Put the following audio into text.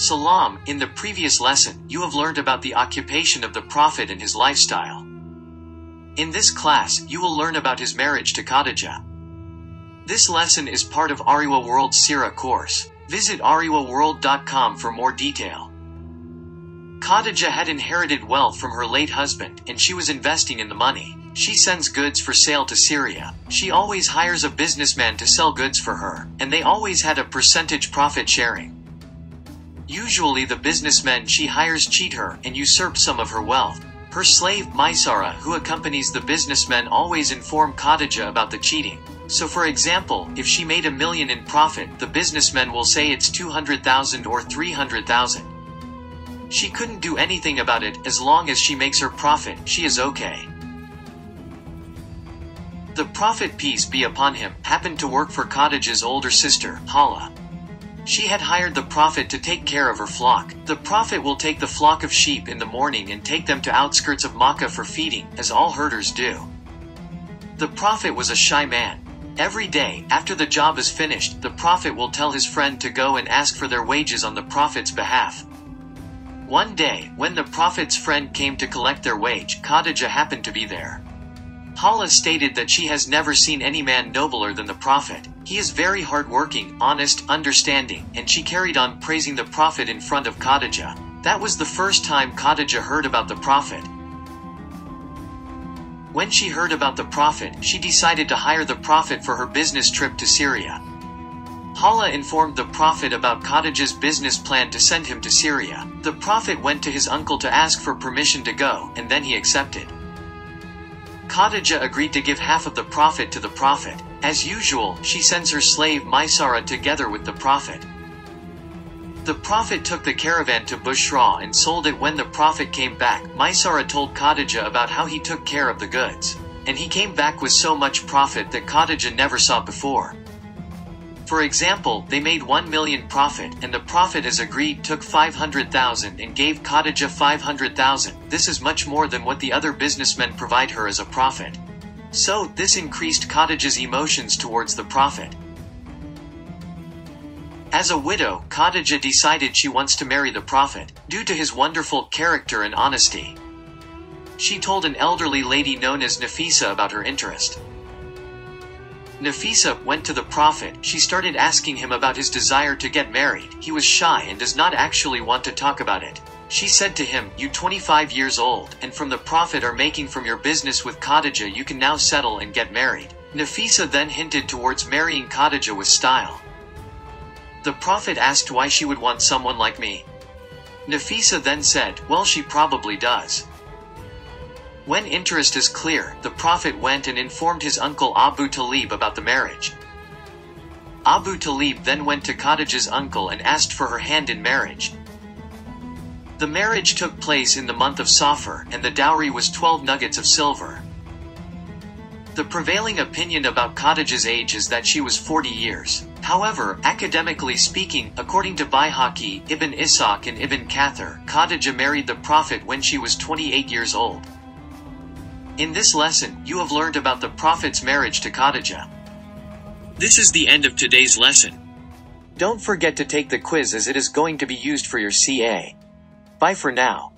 Salam, in the previous lesson, you have learned about the occupation of the Prophet and his lifestyle. In this class, you will learn about his marriage to Khadija. This lesson is part of Ariwa World Sira course. Visit ariwaworld.com for more detail. Khadija had inherited wealth from her late husband, and she was investing in the money. She sends goods for sale to Syria. She always hires a businessman to sell goods for her, and they always had a percentage profit sharing. Usually the businessmen she hires cheat her and usurp some of her wealth. Her slave, Mysara, who accompanies the businessmen always inform Khadija about the cheating. So for example, if she made a million in profit, the businessmen will say it's 200,000 or 300,000. She couldn't do anything about it, as long as she makes her profit, she is okay. The prophet peace be upon him, happened to work for Khadija's older sister, Hala. She had hired the prophet to take care of her flock. The prophet will take the flock of sheep in the morning and take them to outskirts of Makkah for feeding, as all herders do. The prophet was a shy man. Every day, after the job is finished, the prophet will tell his friend to go and ask for their wages on the prophet's behalf. One day, when the prophet's friend came to collect their wage, Khadija happened to be there. Hala stated that she has never seen any man nobler than the prophet. He is very hardworking, honest, understanding, and she carried on praising the Prophet in front of Khadija. That was the first time Khadija heard about the Prophet. When she heard about the Prophet, she decided to hire the Prophet for her business trip to Syria. Hala informed the Prophet about Khadija's business plan to send him to Syria. The Prophet went to his uncle to ask for permission to go, and then he accepted. Khadija agreed to give half of the Prophet to the Prophet. As usual, she sends her slave Mysara together with the Prophet. The Prophet took the caravan to Bushra and sold it when the Prophet came back. Mysara told Khadija about how he took care of the goods. And he came back with so much profit that Khadija never saw before. For example, they made 1 million profit, and the prophet, as agreed took 500,000 and gave Khadija 500,000. This is much more than what the other businessmen provide her as a profit. So, this increased Cottage's emotions towards the prophet. As a widow, Cottage decided she wants to marry the prophet, due to his wonderful character and honesty. She told an elderly lady known as Nafisa about her interest. Nafisa went to the prophet, she started asking him about his desire to get married, he was shy and does not actually want to talk about it. She said to him, You 25 years old, and from the profit are making from your business with Khadija you can now settle and get married. Nafisa then hinted towards marrying Khadija with style. The Prophet asked why she would want someone like me. Nafisa then said, well she probably does. When interest is clear, the Prophet went and informed his uncle Abu Talib about the marriage. Abu Talib then went to Khadija's uncle and asked for her hand in marriage. The marriage took place in the month of Safar, and the dowry was 12 nuggets of silver. The prevailing opinion about Cottage's age is that she was 40 years. However, academically speaking, according to Baihaqi, Ibn Ishaq and Ibn Kathir, Khadija married the Prophet when she was 28 years old. In this lesson, you have learned about the Prophet's marriage to Khadija. This is the end of today's lesson. Don't forget to take the quiz as it is going to be used for your CA. Bye for now.